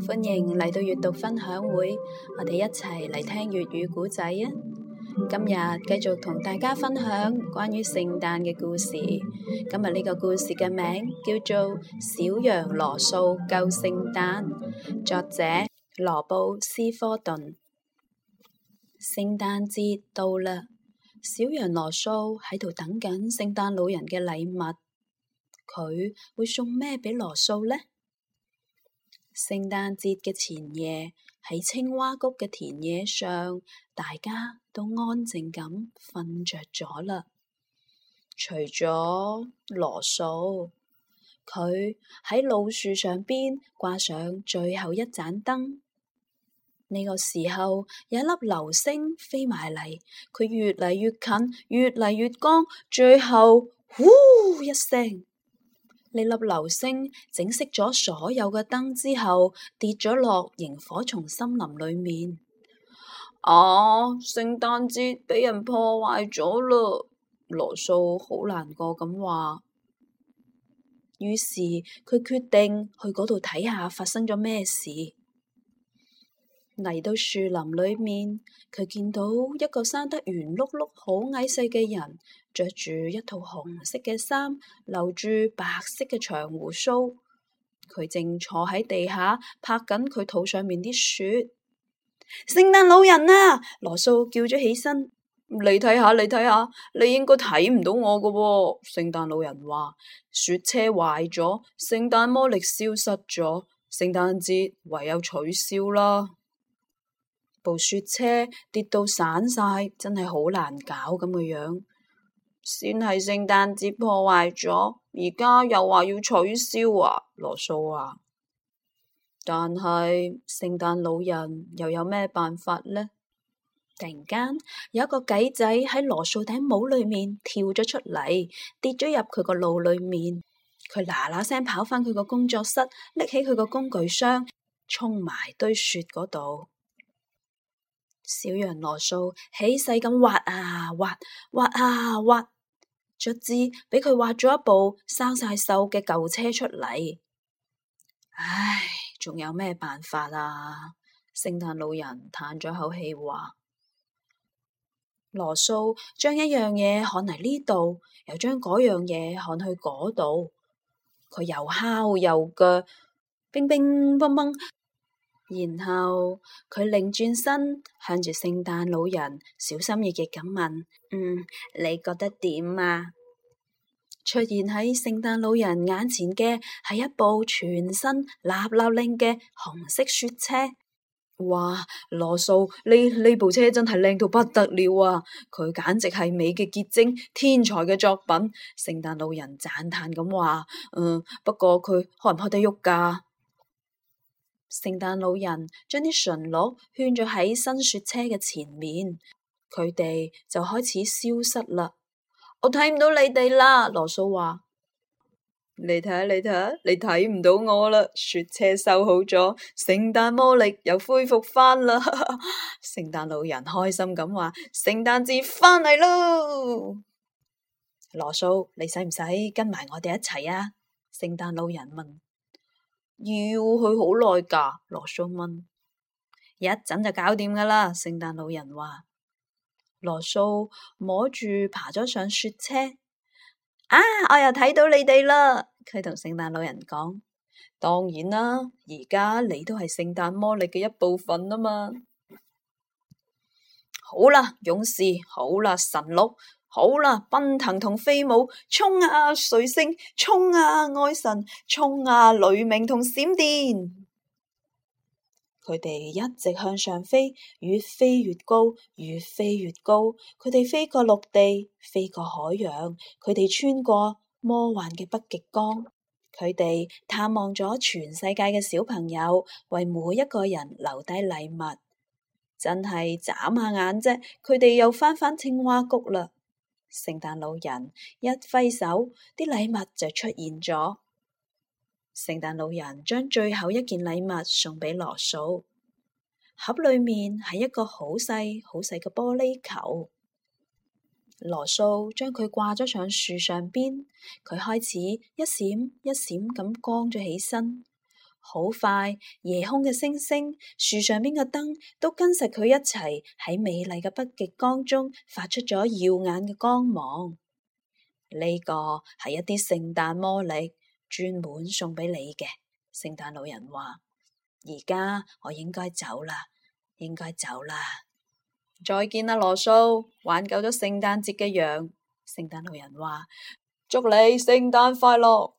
歡迎嚟到閱讀分享會，我哋一齊嚟聽粵語故仔啊！今日繼續同大家分享關於聖誕嘅故事。今日呢個故事嘅名叫做《小羊羅素救聖誕》，作者羅布斯科頓。聖誕節到啦，小羊羅素喺度等緊聖誕老人嘅禮物。佢會送咩俾羅素呢？聖誕節嘅前夜，喺青蛙谷嘅田野上，大家都安靜咁瞓着咗啦。除咗羅素，佢喺老樹上邊掛上最後一盞燈。呢個時候，有一粒流星飛埋嚟，佢越嚟越近，越嚟越光，最後，呼一聲。呢粒流星整熄咗所有嘅燈之後，跌咗落螢火蟲森林裏面。哦、啊，聖誕節俾人破壞咗啦！羅素好難過咁話。於是佢決定去嗰度睇下發生咗咩事。嚟到樹林裏面，佢見到一個生得圓碌碌、好矮細嘅人，着住一套紅色嘅衫，留住白色嘅長鬍鬚。佢正坐喺地下拍緊佢肚上面啲雪。聖誕老人啊，羅素叫咗起身。你睇下，你睇下，你應該睇唔到我㗎喎？聖誕老人話：雪車壞咗，聖誕魔力消失咗，聖誕節唯有取消啦。部雪車跌到散晒，真係好難搞咁嘅樣。先係聖誕節破壞咗，而家又話要取消啊！羅素話，但係聖誕老人又有咩辦法呢？突然間有一個鬼仔喺羅素頂帽裏面跳咗出嚟，跌咗入佢個路裏面。佢嗱嗱聲跑返佢個工作室，拎起佢個工具箱，衝埋堆雪嗰度。小羊羅素起勢咁挖啊挖挖啊挖，卒之俾佢挖咗一部生晒鏽嘅舊車出嚟。唉，仲有咩辦法啊？聖誕老人嘆咗口氣話：羅素將一樣嘢看嚟呢度，又將嗰樣嘢看去嗰度，佢又敲又鋸，乒乒乓乓。然後佢擰轉身向住聖誕老人，小心翼翼咁問：嗯，你覺得點啊？出現喺聖誕老人眼前嘅係一部全身立立令嘅紅色雪車。哇，羅素呢，呢部車真係靚到不得了啊！佢簡直係美嘅結晶，天才嘅作品。聖誕老人讚嘆咁話：嗯，不過佢開唔開得喐噶啊？聖誕老人將啲馴鹿圈咗喺新雪車嘅前面，佢哋就開始消失啦。我睇唔到你哋啦，羅素話。你睇下，你睇下，你睇唔到我啦。雪車收好咗，聖誕魔力又恢復翻啦。聖 誕老人開心咁話：聖誕節翻嚟咯。羅素，你使唔使跟埋我哋一齊啊？聖誕老人問。要去好耐噶，羅素問。一陣就搞掂噶啦，聖誕老人話。羅素摸住爬咗上雪車。啊！我又睇到你哋啦，佢同聖誕老人講。當然啦，而家你都係聖誕魔力嘅一部分啊嘛。好啦，勇士，好啦，神鹿。好啦，奔騰同飛舞，衝啊！水星，衝啊！愛神，衝啊！雷鳴同閃電，佢哋一直向上飛，越飛越高，越飛越高。佢哋飛過陸地，飛過海洋，佢哋穿過魔幻嘅北極光，佢哋探望咗全世界嘅小朋友，為每一個人留低禮物。真係眨下眼啫，佢哋又返返青蛙谷啦。聖誕老人一揮手，啲禮物就出現咗。聖誕老人將最後一件禮物送俾羅素，盒裏面係一個好細好細嘅玻璃球。羅素將佢掛咗上樹上邊，佢開始一閃一閃咁光咗起身。好快，夜空嘅星星、樹上邊嘅燈都跟實佢一齊喺美麗嘅北極光中發出咗耀眼嘅光芒。呢個係一啲聖誕魔力，專門送俾你嘅。聖誕老人話：而家我應該走啦，應該走啦。再見啦，羅素，挽救咗聖誕節嘅羊。聖誕老人話：祝你聖誕快樂。